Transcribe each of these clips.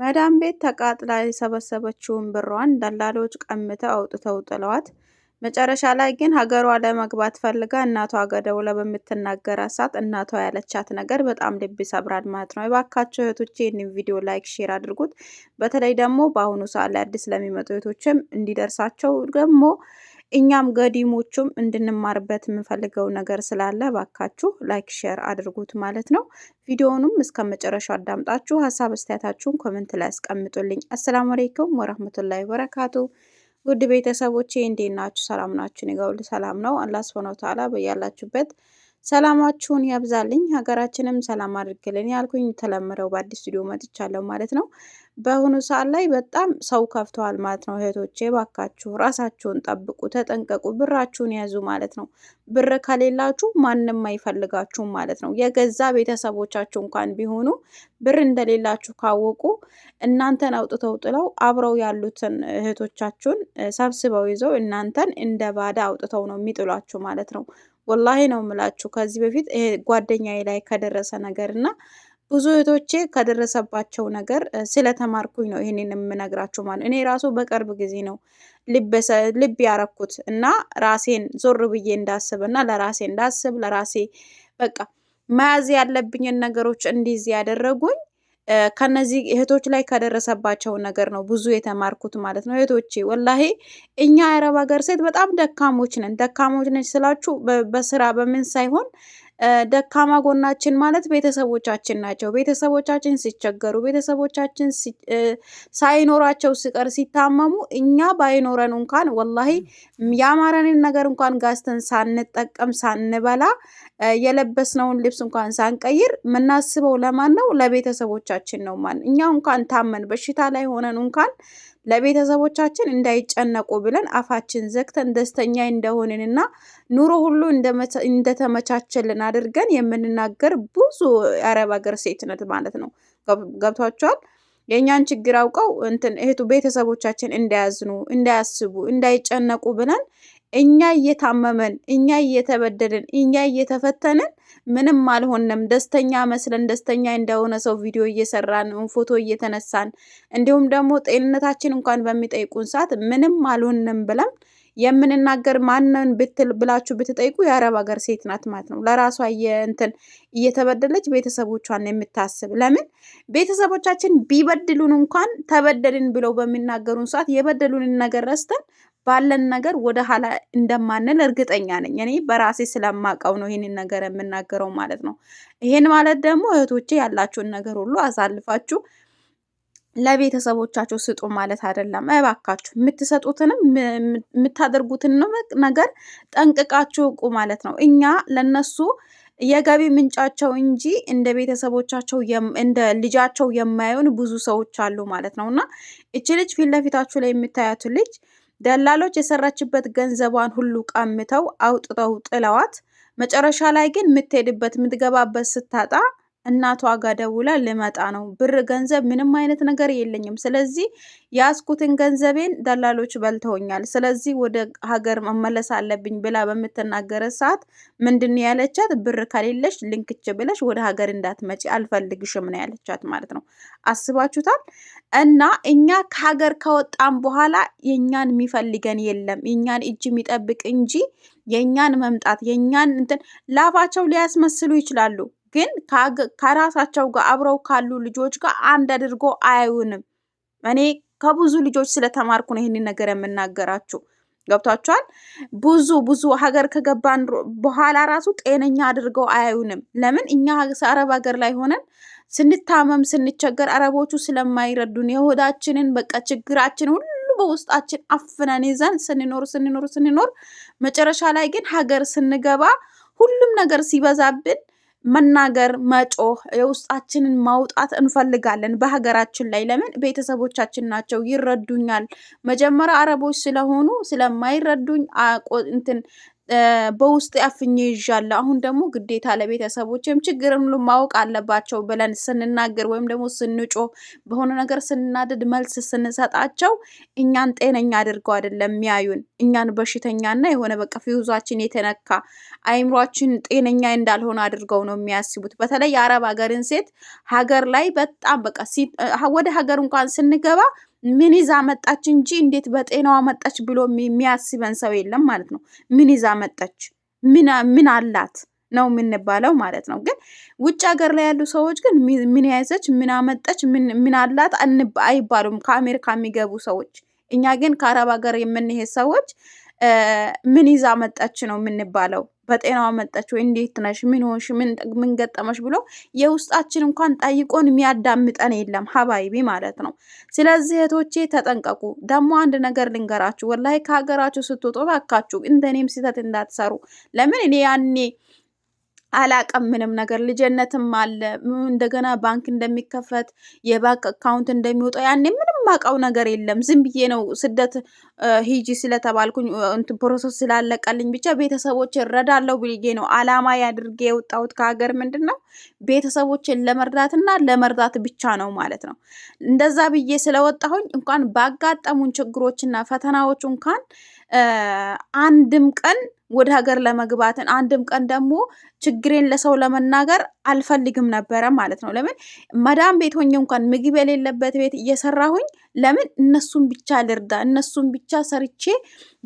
መዳም ቤት ተቃጥላ የሰበሰበችውን ብሯን ደላሎች ቀምተው አውጥተው ጥለዋት መጨረሻ ላይ ግን ሀገሯ ለመግባት ፈልጋ እናቷ ገደውላ በምትናገር ሳት እናቷ ያለቻት ነገር በጣም ልብ ይሰብራል ማለት ነው። የባካቸው እህቶቼ ይህንን ቪዲዮ ላይክ፣ ሼር አድርጉት። በተለይ ደግሞ በአሁኑ ሰዓት ላይ አዲስ ለሚመጡ እህቶችም እንዲደርሳቸው ደግሞ እኛም ገዲሞቹም እንድንማርበት የምንፈልገው ነገር ስላለ ባካችሁ ላይክ ሼር አድርጉት ማለት ነው። ቪዲዮውንም እስከ መጨረሻው አዳምጣችሁ ሀሳብ አስተያየታችሁን ኮመንት ላይ አስቀምጡልኝ። አሰላሙ አለይኩም ወረህመቱላሂ ወበረካቱ። ውድ ቤተሰቦቼ እንዴት ናችሁ? ሰላም ናችሁ? እኔ ሰላም ነው። አላህ ሱብሃነሁ ወተዓላ በያላችሁበት ሰላማችሁን ያብዛልኝ፣ ሀገራችንም ሰላም አድርግልን ያልኩኝ ተለምረው በአዲስ ስቱዲዮ መጥቻለሁ ማለት ነው። በአሁኑ ሰዓት ላይ በጣም ሰው ከፍተዋል ማለት ነው። እህቶቼ ባካችሁ ራሳችሁን ጠብቁ፣ ተጠንቀቁ፣ ብራችሁን ያዙ ማለት ነው። ብር ከሌላችሁ ማንም አይፈልጋችሁም ማለት ነው። የገዛ ቤተሰቦቻችሁ እንኳን ቢሆኑ ብር እንደሌላችሁ ካወቁ እናንተን አውጥተው ጥለው አብረው ያሉትን እህቶቻችሁን ሰብስበው ይዘው እናንተን እንደ ባዳ አውጥተው ነው የሚጥሏችሁ ማለት ነው። ወላሂ ነው የምላችሁ ከዚህ በፊት ጓደኛዬ ላይ ከደረሰ ነገር እና ብዙ እህቶቼ ከደረሰባቸው ነገር ስለተማርኩኝ ነው ይህንን የምነግራችሁ። ማለት እኔ ራሱ በቅርብ ጊዜ ነው ልብ ያረኩት እና ራሴን ዞር ብዬ እንዳስብ እና ለራሴ እንዳስብ ለራሴ በቃ መያዝ ያለብኝን ነገሮች እንዲይዝ ያደረጉኝ ከነዚህ እህቶች ላይ ከደረሰባቸው ነገር ነው ብዙ የተማርኩት ማለት ነው። እህቶቼ ወላሂ እኛ የአረብ ሀገር ሴት በጣም ደካሞች ነን። ደካሞች ነች ስላችሁ በስራ በምን ሳይሆን ደካማ ጎናችን ማለት ቤተሰቦቻችን ናቸው። ቤተሰቦቻችን ሲቸገሩ፣ ቤተሰቦቻችን ሳይኖራቸው ሲቀር ሲታመሙ፣ እኛ ባይኖረን እንኳን ወላሂ ያማረንን ነገር እንኳን ጋዝተን ሳንጠቀም ሳንበላ የለበስነውን ልብስ እንኳን ሳንቀይር የምናስበው ለማን ነው? ለቤተሰቦቻችን ነው። ማን እኛ እንኳን ታመን በሽታ ላይ ሆነን እንኳን ለቤተሰቦቻችን እንዳይጨነቁ ብለን አፋችን ዘግተን ደስተኛ እንደሆንንና ኑሮ ሁሉ እንደተመቻቸልን አድርገን የምንናገር ብዙ የአረብ ሀገር ሴትነት ማለት ነው። ገብቷቸዋል። የእኛን ችግር አውቀው እንትን እህቱ ቤተሰቦቻችን እንዳያዝኑ፣ እንዳያስቡ፣ እንዳይጨነቁ ብለን እኛ እየታመመን እኛ እየተበደልን እኛ እየተፈተንን ምንም አልሆንም። ደስተኛ መስለን ደስተኛ እንደሆነ ሰው ቪዲዮ እየሰራን ፎቶ እየተነሳን እንዲሁም ደግሞ ጤንነታችን እንኳን በሚጠይቁን ሰዓት ምንም አልሆንም ብለን የምንናገር ማንን ብትል ብላችሁ ብትጠይቁ የአረብ ሀገር ሴት ናት ማለት ነው። ለራሷ የእንትን እየተበደለች ቤተሰቦቿን የምታስብ ለምን ቤተሰቦቻችን ቢበድሉን እንኳን ተበደልን ብለው በሚናገሩን ሰዓት የበደሉንን ነገር ረስተን ባለን ነገር ወደ ኋላ እንደማንል እርግጠኛ ነኝ። እኔ በራሴ ስለማቀው ነው ይህንን ነገር የምናገረው ማለት ነው። ይሄን ማለት ደግሞ እህቶቼ ያላችሁን ነገር ሁሉ አሳልፋችሁ ለቤተሰቦቻችሁ ስጡ ማለት አይደለም። እባካችሁ የምትሰጡትንም የምታደርጉትን ነገር ጠንቅቃችሁ እቁ ማለት ነው። እኛ ለነሱ የገቢ ምንጫቸው እንጂ እንደ ቤተሰቦቻቸው እንደ ልጃቸው የማይሆን ብዙ ሰዎች አሉ ማለት ነው እና እች ልጅ ፊት ለፊታችሁ ላይ የምታያቱ ልጅ ደላሎች የሰራችበት ገንዘቧን ሁሉ ቀምተው አውጥተው ጥለዋት መጨረሻ ላይ ግን የምትሄድበት የምትገባበት ስታጣ እናቷ ጋር ደውላ ልመጣ ነው፣ ብር ገንዘብ ምንም አይነት ነገር የለኝም። ስለዚህ ያስኩትን ገንዘቤን ደላሎች በልተውኛል፣ ስለዚህ ወደ ሀገር መመለስ አለብኝ ብላ በምትናገረ ሰዓት ምንድን ያለቻት? ብር ከሌለሽ ልንክች ብለሽ ወደ ሀገር እንዳትመጪ አልፈልግሽም ነው ያለቻት ማለት ነው። አስባችሁታል? እና እኛ ከሀገር ከወጣን በኋላ የእኛን የሚፈልገን የለም የእኛን እጅ የሚጠብቅ እንጂ የእኛን መምጣት የእኛን እንትን ላፋቸው ሊያስመስሉ ይችላሉ ግን ከራሳቸው ጋር አብረው ካሉ ልጆች ጋር አንድ አድርጎ አያዩንም። እኔ ከብዙ ልጆች ስለተማርኩ ነው ይህንን ነገር የምናገራችሁ። ገብቷቸዋል። ብዙ ብዙ ሀገር ከገባን በኋላ ራሱ ጤነኛ አድርገው አያዩንም። ለምን እኛ አረብ ሀገር ላይ ሆነን ስንታመም ስንቸገር አረቦቹ ስለማይረዱን የሆዳችንን በቃ ችግራችን ሁሉ በውስጣችን አፍነን ይዘን ስንኖር ስንኖር ስንኖር መጨረሻ ላይ ግን ሀገር ስንገባ ሁሉም ነገር ሲበዛብን መናገር መጮህ የውስጣችንን ማውጣት እንፈልጋለን በሀገራችን ላይ ለምን ቤተሰቦቻችን ናቸው ይረዱኛል መጀመሪያ አረቦች ስለሆኑ ስለማይረዱኝ እንትን በውስጥ አፍኜ ይዣለሁ። አሁን ደግሞ ግዴታ ለቤተሰቦችም ችግር ሁሉ ማወቅ አለባቸው ብለን ስንናገር ወይም ደግሞ ስንጮ በሆነ ነገር ስናድድ መልስ ስንሰጣቸው እኛን ጤነኛ አድርገው አይደለም የሚያዩን። እኛን በሽተኛና የሆነ በቃ ፊውዛችን የተነካ አይምሯችን ጤነኛ እንዳልሆነ አድርገው ነው የሚያስቡት። በተለይ የአረብ ሀገርን ሴት ሀገር ላይ በጣም በቃ ወደ ሀገር እንኳን ስንገባ ምን ይዛ መጣች እንጂ እንዴት በጤናዋ መጣች ብሎ የሚያስበን ሰው የለም ማለት ነው። ምን ይዛ መጣች፣ ምን አላት ነው የምንባለው ማለት ነው። ግን ውጭ ሀገር ላይ ያሉ ሰዎች ግን ምን ያዘች፣ ምን አመጣች፣ ምን አላት አይባሉም፣ ከአሜሪካ የሚገቡ ሰዎች። እኛ ግን ከአረብ ሀገር የምንሄድ ሰዎች ምን ይዛ መጣች ነው የምንባለው። በጤናዋ መጣች ወይ እንዴት ነሽ፣ ምን ሆንሽ፣ ምን ገጠመሽ ብሎ የውስጣችን እንኳን ጠይቆን የሚያዳምጠን የለም ሀባይቢ ማለት ነው። ስለዚህ እህቶቼ ተጠንቀቁ። ደግሞ አንድ ነገር ልንገራችሁ፣ ወላሂ ከሀገራችሁ ስትወጡ እባካችሁ እንደኔም ስህተት እንዳትሰሩ። ለምን እኔ ያኔ አላቀም ምንም ነገር ልጅነትም አለ እንደገና ባንክ እንደሚከፈት የባንክ አካውንት እንደሚወጣው ያኔ ምንም ማውቀው ነገር የለም። ዝም ብዬ ነው ስደት ሂጂ ስለተባልኩኝ ፕሮሰስ ስላለቀልኝ ብቻ ቤተሰቦች እረዳለሁ ብዬ ነው አላማ ያድርጌ የወጣሁት ከሀገር ምንድን ነው ቤተሰቦችን ለመርዳትና ለመርዳት ብቻ ነው ማለት ነው። እንደዛ ብዬ ስለወጣሁኝ እንኳን ባጋጠሙን ችግሮችና ፈተናዎች እንኳን አንድም ቀን ወደ ሀገር ለመግባትን አንድም ቀን ደግሞ ችግሬን ለሰው ለመናገር አልፈልግም ነበረ ማለት ነው። ለምን መዳም ቤት ሆኜ እንኳን ምግብ የሌለበት ቤት እየሰራሁኝ ለምን እነሱን ብቻ ልርዳ፣ እነሱን ብቻ ሰርቼ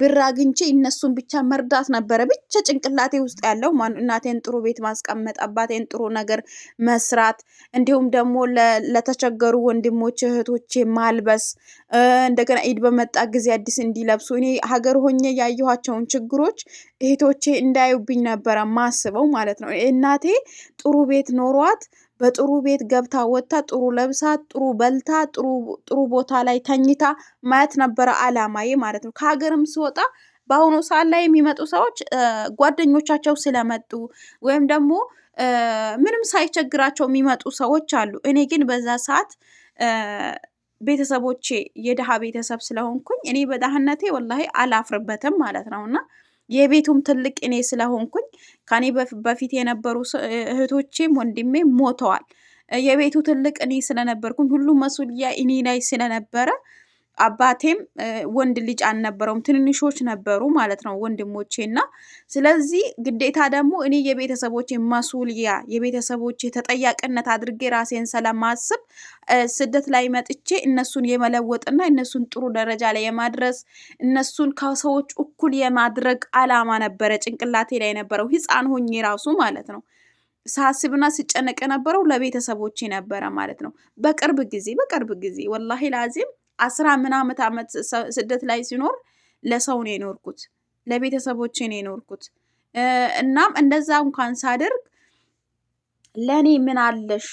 ብር አግኝቼ እነሱን ብቻ መርዳት ነበረ ብቻ ጭንቅላቴ ውስጥ ያለው። እናቴን ጥሩ ቤት ማስቀመጥ፣ አባቴን ጥሩ ነገር መስራት፣ እንዲሁም ደግሞ ለተቸገሩ ወንድሞች እህቶቼ ማልበስ፣ እንደገና ኢድ በመጣ ጊዜ አዲስ እንዲለብሱ እኔ ሀገር ሆኜ ያየኋቸውን ችግሮች እህቶቼ እንዳዩብኝ ነበረ ማስበው ማለት ነው። እናቴ ጥሩ ቤት ኖሯት በጥሩ ቤት ገብታ ወጥታ ጥሩ ለብሳ ጥሩ በልታ ጥሩ ቦታ ላይ ተኝታ ማየት ነበረ አላማዬ ማለት ነው። ከሀገርም ስወጣ በአሁኑ ሰዓት ላይ የሚመጡ ሰዎች ጓደኞቻቸው ስለመጡ ወይም ደግሞ ምንም ሳይቸግራቸው የሚመጡ ሰዎች አሉ። እኔ ግን በዛ ሰዓት ቤተሰቦቼ የድሃ ቤተሰብ ስለሆንኩኝ እኔ በድህነቴ ወላሂ አላፍርበትም ማለት ነው እና የቤቱም ትልቅ እኔ ስለሆንኩኝ ከኔ በፊት የነበሩ እህቶቼም ወንድሜ ሞተዋል። የቤቱ ትልቅ እኔ ስለነበርኩኝ ሁሉም መሱልያ እኔ ላይ ስለነበረ አባቴም ወንድ ልጅ አልነበረውም። ትንንሾች ነበሩ ማለት ነው ወንድሞቼ እና ስለዚህ ግዴታ ደግሞ እኔ የቤተሰቦቼ ማሱልያ የቤተሰቦቼ ተጠያቂነት አድርጌ ራሴን ስለማስብ ስደት ላይ መጥቼ እነሱን የመለወጥና እነሱን ጥሩ ደረጃ ላይ የማድረስ እነሱን ከሰዎች እኩል የማድረግ አላማ ነበረ ጭንቅላቴ ላይ የነበረው ህፃን ሆኜ ራሱ ማለት ነው ሳስብና ስጨነቅ የነበረው ለቤተሰቦቼ ነበረ ማለት ነው። በቅርብ ጊዜ በቅርብ ጊዜ ወላሂ ላዚም አስራ ምናምን ዓመት ስደት ላይ ሲኖር ለሰው ነው የኖርኩት፣ ለቤተሰቦቼ ነው የኖርኩት። እናም እንደዛ እንኳን ሳደርግ ለእኔ ምን አለሽ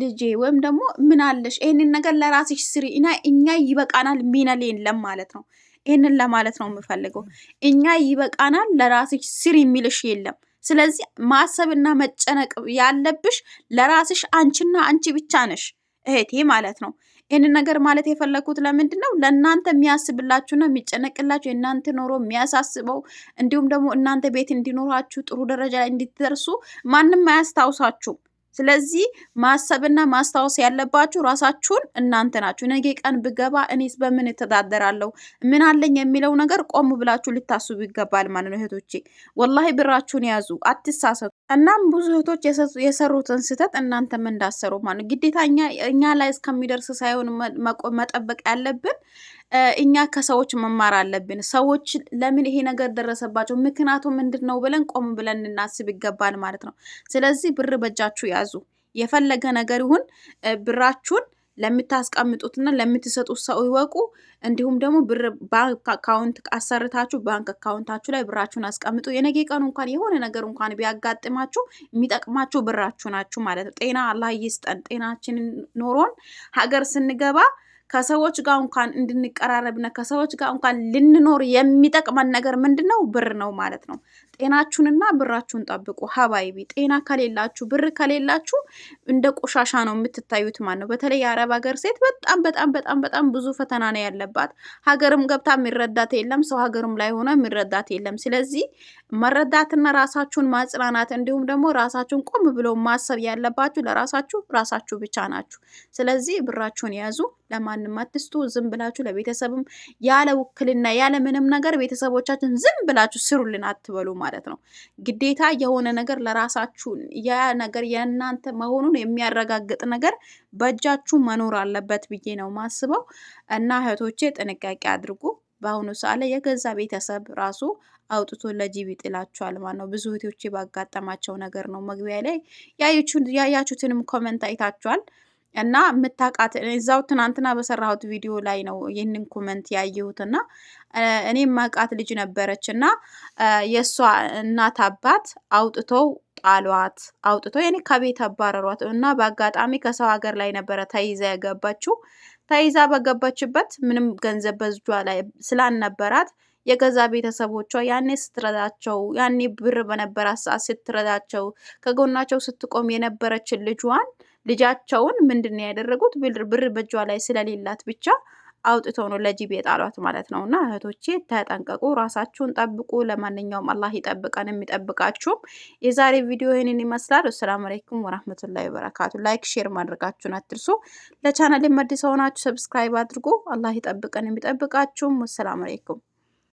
ልጄ ወይም ደግሞ ምን አለሽ ይህንን ነገር ለራስሽ ስሪ እና እኛ ይበቃናል ሚነል የለም ማለት ነው። ይህንን ለማለት ነው የምፈልገው። እኛ ይበቃናል ለራስሽ ስሪ የሚልሽ የለም። ስለዚህ ማሰብና መጨነቅ ያለብሽ ለራስሽ አንቺና አንቺ ብቻ ነሽ እህቴ ማለት ነው። ይህንን ነገር ማለት የፈለግኩት ለምንድን ነው? ለእናንተ የሚያስብላችሁና የሚጨነቅላችሁ የእናንተ ኖሮ የሚያሳስበው እንዲሁም ደግሞ እናንተ ቤት እንዲኖራችሁ ጥሩ ደረጃ ላይ እንድትደርሱ ማንም አያስታውሳችሁም። ስለዚህ ማሰብና ማስታወስ ያለባችሁ ራሳችሁን እናንተ ናችሁ። ነገ ቀን ብገባ እኔስ በምን እተዳደራለሁ ምን አለኝ የሚለው ነገር ቆም ብላችሁ ልታስቡ ይገባል ማለት ነው። እህቶቼ ወላሂ ብራችሁን ያዙ፣ አትሳሰቱ። እናም ብዙ እህቶች የሰሩትን ስህተት እናንተም እንዳሰሩ ማለት ነው። ግዴታ እኛ ላይ እስከሚደርስ ሳይሆን መጠበቅ ያለብን እኛ ከሰዎች መማር አለብን። ሰዎች ለምን ይሄ ነገር ደረሰባቸው ምክንያቱ ምንድን ነው ብለን ቆም ብለን እናስብ ይገባል ማለት ነው። ስለዚህ ብር በእጃችሁ ያዙ። የፈለገ ነገር ይሁን ብራችሁን ለምታስቀምጡትና ለምትሰጡት ሰው ይወቁ። እንዲሁም ደግሞ ብር ባንክ አካውንት አሰርታችሁ ባንክ አካውንታችሁ ላይ ብራችሁን አስቀምጡ። የነገ ቀኑ እንኳን የሆነ ነገር እንኳን ቢያጋጥማችሁ የሚጠቅማችሁ ብራችሁ ናችሁ ማለት ነው። ጤና አላህ ይስጠን። ጤናችንን ኖሮን ሀገር ስንገባ ከሰዎች ጋር እንኳን እንድንቀራረብና ከሰዎች ጋር እንኳን ልንኖር የሚጠቅመን ነገር ምንድን ነው? ብር ነው ማለት ነው። ጤናችሁንና ብራችሁን ጠብቁ ሀባይቢ። ጤና ከሌላችሁ፣ ብር ከሌላችሁ እንደ ቆሻሻ ነው የምትታዩት ማለት ነው። በተለይ የአረብ ሀገር ሴት በጣም በጣም በጣም በጣም ብዙ ፈተና ነው ያለባት። ሀገርም ገብታ የሚረዳት የለም፣ ሰው ሀገርም ላይ ሆነ የሚረዳት የለም። ስለዚህ መረዳትና ራሳችሁን ማጽናናት እንዲሁም ደግሞ ራሳችሁን ቆም ብሎ ማሰብ ያለባችሁ ለራሳችሁ ራሳችሁ ብቻ ናችሁ። ስለዚህ ብራችሁን ያዙ ለማን ለማንም አትስጡ። ዝም ብላችሁ ለቤተሰብም ያለ ውክልና ያለ ምንም ነገር ቤተሰቦቻችን ዝም ብላችሁ ስሩልን አትበሉ ማለት ነው። ግዴታ የሆነ ነገር ለራሳችሁ ያ ነገር የእናንተ መሆኑን የሚያረጋግጥ ነገር በእጃችሁ መኖር አለበት ብዬ ነው ማስበው እና እህቶቼ ጥንቃቄ አድርጉ። በአሁኑ ሰዓት ላይ የገዛ ቤተሰብ ራሱ አውጥቶ ለጂብ ይጥላችኋል ማለት ነው። ብዙ እህቶቼ ባጋጠማቸው ነገር ነው። መግቢያ ላይ ያያችሁትንም ኮመንት አይታችኋል። እና የምታውቃት እዛው ትናንትና በሰራሁት ቪዲዮ ላይ ነው ይህንን ኮመንት ያየሁት። እና እኔ የማውቃት ልጅ ነበረች እና የእሷ እናት አባት አውጥተው ጣሏት፣ አውጥተው የኔ ከቤት አባረሯት። እና በአጋጣሚ ከሰው ሀገር ላይ ነበረ ተይዛ ያገባችው። ተይዛ በገባችበት ምንም ገንዘብ በእጇ ላይ ስላልነበራት የገዛ ቤተሰቦቿ ያኔ ስትረዳቸው ያኔ ብር በነበራት ሰዓት ስትረዳቸው ከጎናቸው ስትቆም የነበረችን ልጇን ልጃቸውን ምንድን ነው ያደረጉት? ብር ብር በእጇ ላይ ስለሌላት ብቻ አውጥተው ነው ለጅብ የጣሏት ማለት ነው። እና እህቶቼ ተጠንቀቁ፣ ራሳችሁን ጠብቁ። ለማንኛውም አላህ ይጠብቀን፣ የሚጠብቃችሁም። የዛሬ ቪዲዮ ይህንን ይመስላል። አሰላሙ አለይኩም ወራህመቱላሂ ወበረካቱ። ላይክ፣ ሼር ማድረጋችሁን አትርሱ። ለቻናል የመድሰው ናችሁ ሰብስክራይብ አድርጉ። አላህ ይጠብቀን፣ የሚጠብቃችሁም። ወሰላሙ አለይኩም